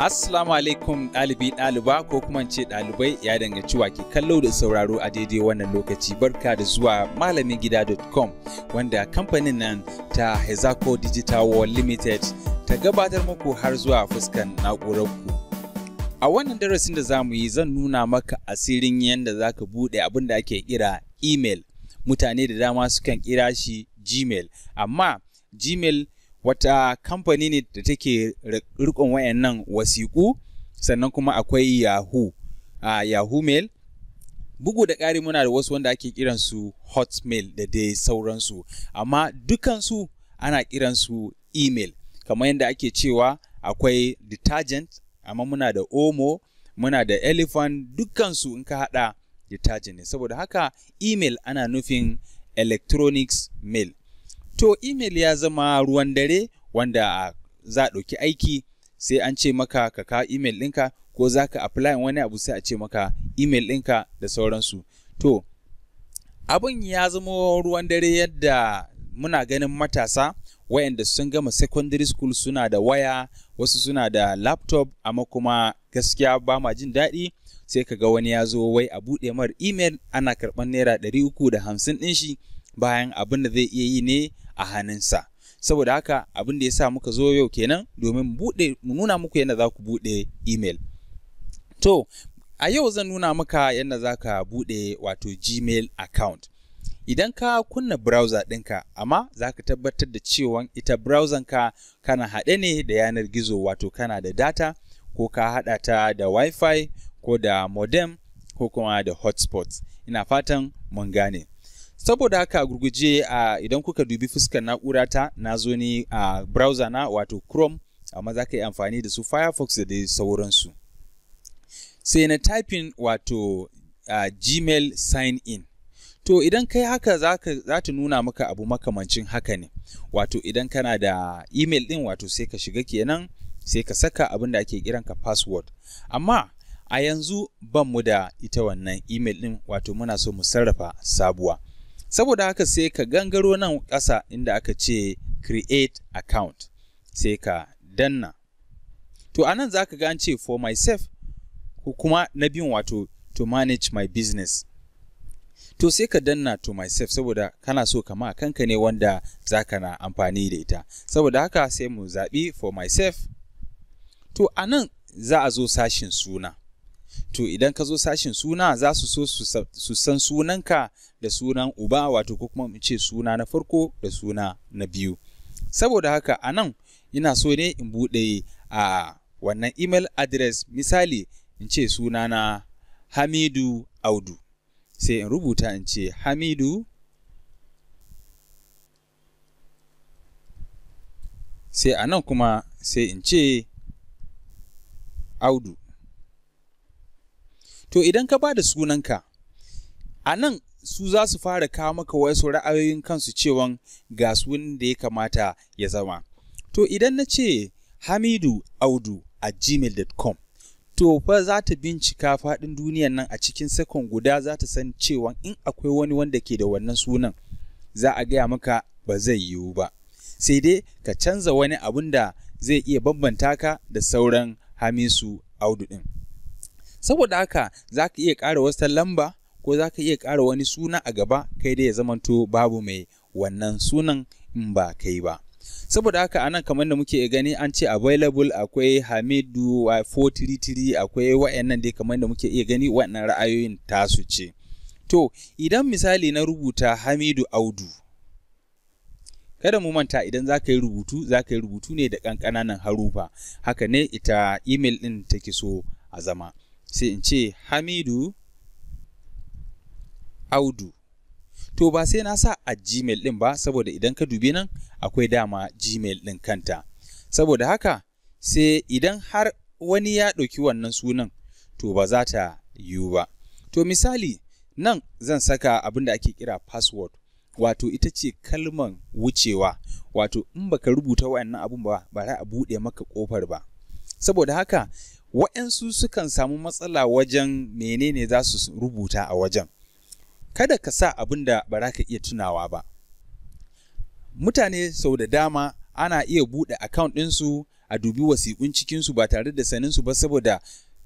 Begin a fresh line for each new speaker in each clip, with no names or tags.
Assalamu alaikum ɗalibi ɗaliba ko kuma ce ɗalibai ya danganci wa ke kallo da sauraro a daidai wannan lokaci barka da zuwa malamin gida.com wanda kamfanin nan ta Hezako Digital World Limited ta gabatar muku har zuwa fuskan na'urarku. A wannan darasin da zamu yi zan nuna maka asirin yadda za ka buɗe abin da ake kira email. Mutane da dama sukan kira shi Gmail, amma Gmail wata kamfani ne da take rikon wayannan wasiƙu sannan kuma akwai yahoo a yahoo mail bugu da ƙari muna da wasu wanda ake kiransu hotmail da dai sauransu amma dukansu ana kiransu email kamar yadda ake cewa akwai detergent amma muna da omo muna da elephant dukansu in ka haɗa detergent ne saboda haka email ana nufin electronics mail to email ya zama ruwan dare wanda za a ɗauki aiki sai an ce maka ka kawo email ɗinka ko za ka apply wani abu sai a ce maka email ɗinka da sauransu to abin ya zama ruwan dare yadda muna ganin matasa wayanda sun gama secondary school suna da waya wasu suna da laptop amma kuma gaskiya ba ma jin daɗi sai ka ga wani ya zo wai a buɗe mar email ana karɓar naira 350 uku ɗin shi bayan abin da zai iya yi ne a hannunsa saboda haka abin da ya sa muka zo yau kenan domin mu nuna muku yadda za ku buɗe email to a yau zan nuna muka yadda za ka buɗe wato gmail account idan ka kunna browser ɗinka amma za ka tabbatar da cewa ita browser ka kana haɗe ne da yanar gizo wato kana da data ko ka haɗa ta da wifi ko da modem ko kuma da hotspot ina fatan mun gane saboda haka gurguje a uh, idan kuka dubi fuskar na'ura ta na zo ne a uh, browser na wato chrome amma za ka yi amfani da su firefox da dai sauransu sai na typing wato gmail sign in to idan kai haka za ta nuna maka abu makamancin haka ne wato idan kana da email din wato sai ka shiga kenan sai ka saka abin da ake kiran ka password amma a yanzu ban mu da ita wannan email din wato muna so mu sarrafa sabuwa saboda haka sai ka gangaro nan ƙasa inda aka ce create account sai ka danna to anan za ka ce for myself ko kuma na biyun wato to manage my business to sai ka danna to myself saboda kana so kama kanka ne wanda za ka na amfani da ita saboda haka sai mu zaɓi for myself to anan za a zo sashin suna to idan ka zo sashin suna za su so su san sunanka da sunan uba wato ko kuma ce suna na farko da suna na biyu saboda haka a nan ina so ne in buɗe a wannan email address misali in ce suna na hamidu audu sai in rubuta in ce hamidu sai a nan kuma sai in ce audu To idan ka ba da sunanka, a nan su za su fara kawo maka wasu ra'ayoyin kansu cewan ga sunan da ya kamata ya zama. To idan na ce Hamidu Audu a gmail.com, to fa za ta bincika faɗin duniyan nan a cikin sakon guda za ta san cewa in akwai wani wanda ke da wannan sunan za a gaya maka ba zai yiwu ba. Sai dai ka canza wani abun da zai iya bambanta ka da sauran Hamisu Audu ɗin. saboda haka za ka iya ƙara wata lamba ko za ka iya ƙara wani suna a gaba kai dai ya zamanto babu mai wannan sunan in ba kai ba saboda haka anan kamar da muke gani an ce available akwai hamidu 433 akwai wa'annan dai kamar da muke iya gani wannan ra'ayoyin tasu ce to idan misali na rubuta hamidu audu kada mu manta idan za ka yi rubutu za ka yi rubutu ne da ƙanƙananan harufa haka ne ita email ɗin take so a zama sai in ce Hamidu Audu. To ba sai na sa a Gmail din ba saboda idan ka dubi nan akwai dama Gmail din kanta. Saboda haka sai idan har wani ya ɗauki wannan sunan to ba za ta yiwu ba. To misali nan zan saka abin da ake kira password wato ita ce kalman wucewa wato in baka rubuta wayannan abun ba ba za a buɗe maka ƙofar ba. Saboda haka waɗansu sukan samu matsala wajen menene za su rubuta a wajen. Kada ka sa abin da ba ka iya tunawa ba. Mutane sau da dama ana iya buɗe account ɗinsu a dubi wasiƙun cikinsu ba tare da saninsu ba saboda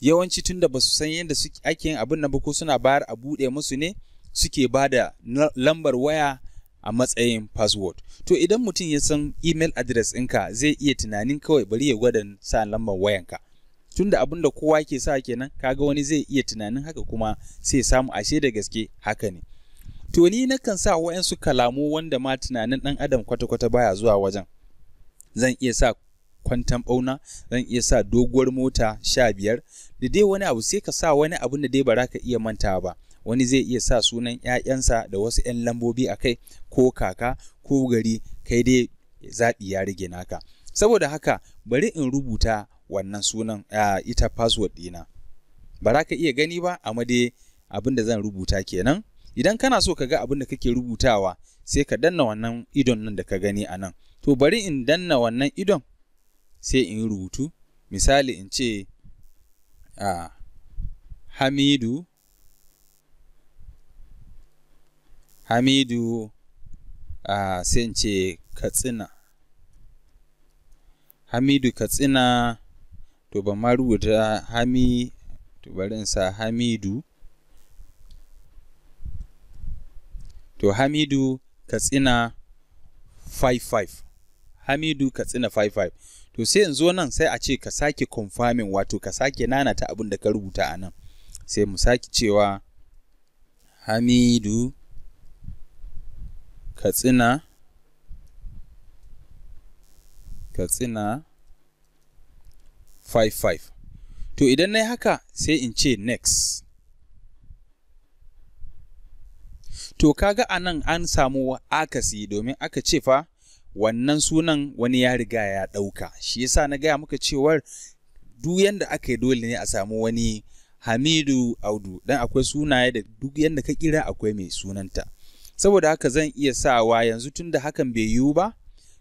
yawanci tun da ba su san yadda ake yin abin nan ba ko suna bayar a buɗe musu ne suke ba da lambar waya a matsayin password. To idan mutum ya san email address ɗinka zai iya tunanin kawai bari ya gwada sa lambar wayanka. tunda abin da kowa ke sa kenan kaga wani zai iya tunanin haka kuma sai samu ashe da gaske haka ne to ni nakan sa wa'yansu kalamu wanda ma tunanin ɗan adam kwata-kwata baya zuwa wajen zan iya sa kwantan bauna zan iya sa doguwar mota sha biyar da dai wani abu sai ka sa wani abu da dai ba ka iya manta ba wani zai iya sa sunan 'ya'yansa da wasu 'yan lambobi a kai ko kaka ko gari kai dai zaɓi ya rige naka saboda haka bari in rubuta wannan sunan ita password ɗina ba za ka iya gani ba amma dai abin da zan rubuta kenan idan kana so ka ga abin da kake rubutawa sai ka danna wannan idon nan da ka gani a nan to bari in danna wannan idon sai in rubutu misali in ce hamidu hamidu a sai in ce katsina hamidu katsina to ban ma rubuta hami to bari in sa hamidu to hamidu katsina 55 hamidu katsina 55 to sai in zo nan sai a ce ka sake confirming wato ka sake nanata abin da ka rubuta a nan sai mu sake cewa hamidu katsina katsina 55. To idan na yi haka sai in ce next. To kaga a nan an samu akasi domin aka ce fa wannan sunan wani ya riga ya ɗauka. Shi yasa na gaya muka cewar duk yanda aka yi dole ne a samu wani Hamidu Audu dan akwai sunaye da duk yanda ka kira akwai mai sunanta. Saboda haka zan iya sawa yanzu tunda hakan bai yiwu ba,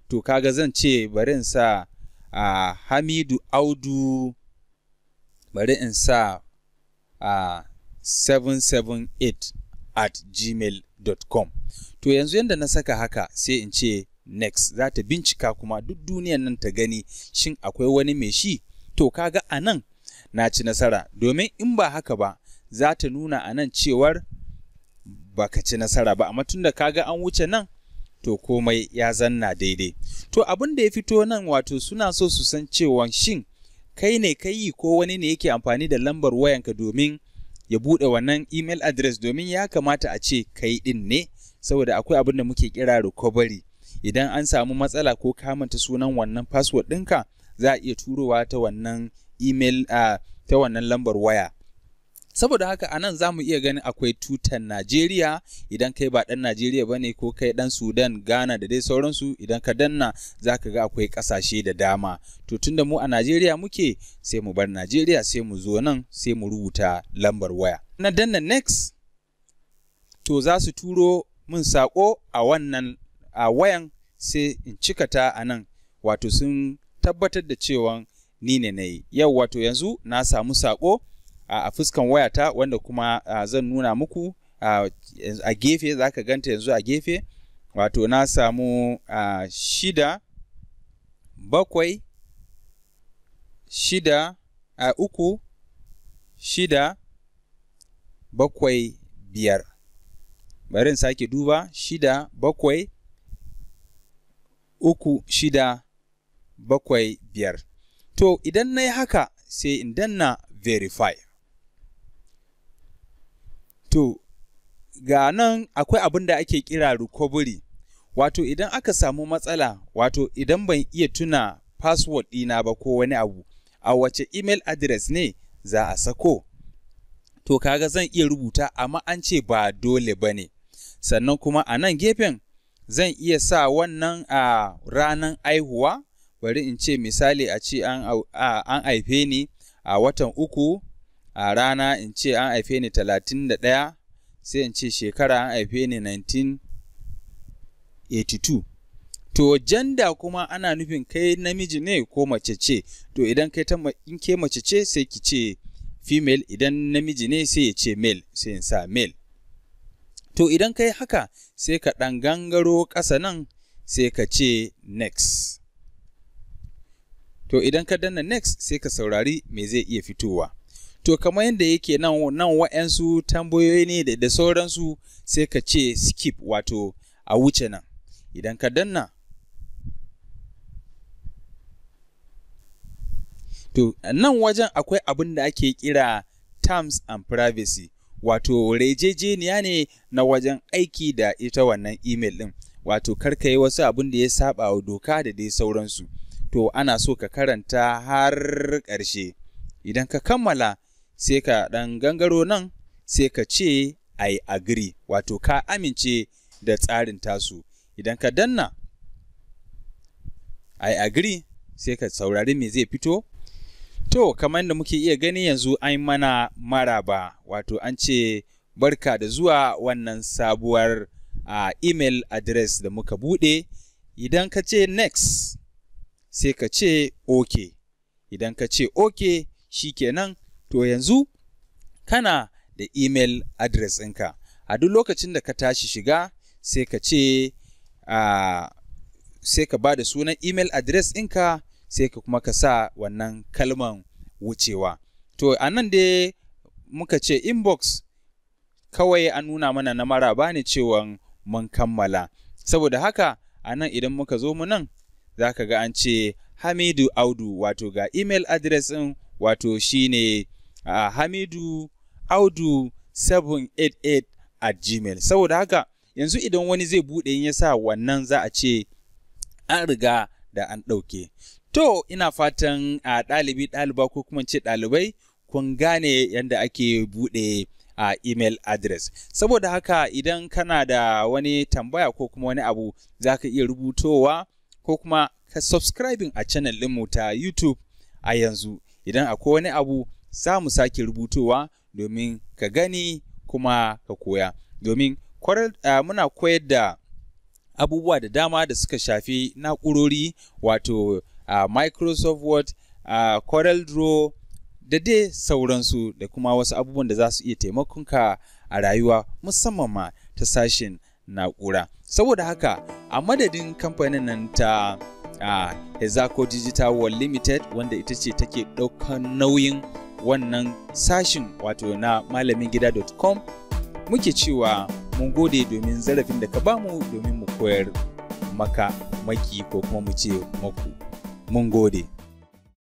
to kaga zan ce barin sa a Hamidu Audu bari in sa a 778 at gmail.com to yanzu yadda na saka haka sai in ce next za ta bincika kuma duk duniyan nan ta gani shin akwai wani mai shi to kaga a nan na ci nasara domin in ba haka ba za ta nuna a nan cewar baka ci nasara ba amma tun da kaga an wuce nan to komai ya zanna daidai. To abin da ya fito nan wato suna so su san cewa shin kai ne ka yi ko wani ne yake amfani da lambar wayanka domin ya buɗe wannan email address domin ya kamata a ce kai ɗin ne saboda akwai abin da muke kira recovery idan an samu matsala ko kamanta sunan wannan password ɗinka za a iya turowa ta wannan email uh, ta wannan lambar waya saboda haka a nan za mu iya ganin akwai tutan najeriya idan kai ba ɗan najeriya ba ne ko kai ɗan sudan ghana da dai sauransu idan ka danna za ka ga akwai ƙasashe da dama to tunda mu a najeriya muke sai mu bar najeriya sai mu zo nan sai mu rubuta lambar waya na danna next to za su turo mun saƙo a wannan a wayan sai in cika ta a nan wato sun tabbatar da cewa ni ne na yi yau wato yanzu na samu saƙo a fuskan wayata wanda kuma zan nuna muku a gefe za ka ganta yanzu a gefe wato na samu shida bakwai shida a uku shida bakwai biyar bari sake duba shida bakwai uku shida bakwai biyar to idan na yi haka sai in danna verify To, ga nan akwai abin da ake kira recovery. Wato idan aka samu matsala, wato idan ban iya tuna password ɗina ba ko wani abu, a wace email address ne za a sako. To kaga zan iya rubuta amma an ce ba dole ba ne. Sannan kuma a nan gefen zan iya sa wannan a ranar aihuwa, bari in ce misali a ce an haife ni a watan uku a rana in ce an haife ni talatin da ɗaya sai in ce shekara an haife ni 1982 to janda kuma ana nufin kai namiji ne ko mace ce to idan kai in ke mace ce sai ki ce female idan namiji ne sai ya ce male sai in sa male to idan kai haka sai ka ɗan gangaro ƙasa nan sai ka ce next to idan ka danna next sai ka saurari me zai iya fitowa to kamar yadda yake nan nan wa'yansu tambayoyi ne da sauransu sai ka ce skip wato a wuce nan idan ka danna to nan wajen akwai abin da ake kira terms and privacy wato rejejeniya ne na wajen aiki da ita wannan email ɗin wato karka yi wasu abin da ya saba wa doka da dai sauransu to ana so ka karanta har ƙarshe idan ka kammala sai ka ɗan gangaro nan sai ka ce I agree wato ka amince da tsarin tasu idan ka danna I agree sai ka saurari me zai fito to kamar da muke iya gani yanzu an mana maraba wato an ce barka da zuwa wannan sabuwar uh, email address da muka buɗe idan ka ce next sai ka ce ok idan ka ce ok shikenan To yanzu kana da email address ɗinka. A duk lokacin da ka tashi shiga sai ka ce sai ka ba da sunan email address ɗinka sai ka kuma ka sa wannan kalman wucewa. To a nan dai muka ce inbox kawai an nuna mana na maraba ne cewa mun kammala. Saboda haka a nan idan muka zo mu nan za ka ga an ce Hamidu Audu wato ga email address ɗin wato shine uh, hamidu audu 788 a gmail saboda haka yanzu idan wani zai buɗe in ya sa wannan za a ce an riga da an ɗauke to ina fatan a ɗalibi ɗaliba ko kuma ce ɗalibai kun gane yadda ake buɗe a email address saboda haka idan kana da wani tambaya ko kuma wani abu za ka iya rubutowa ko kuma ka subscribing a channel ɗinmu ta youtube a yanzu idan akwai wani abu za mu sake rubutowa domin ka gani kuma ka koya domin muna koyar da abubuwa da dama da suka shafi na'urori wato uh, microsoft word uh, corel draw da dai sauransu da kuma wasu abubuwan da za su iya taimakonka a rayuwa musamman ma ta sashen na'ura saboda haka a madadin kamfanin nan ta uh, Digital World Limited wanda ita ce take ɗaukar nauyin wannan sashin wato na malamingida.com muke cewa mun gode domin zarafin da ka bamu domin mu koyar maka maki ko kuma mu ce maku mun gode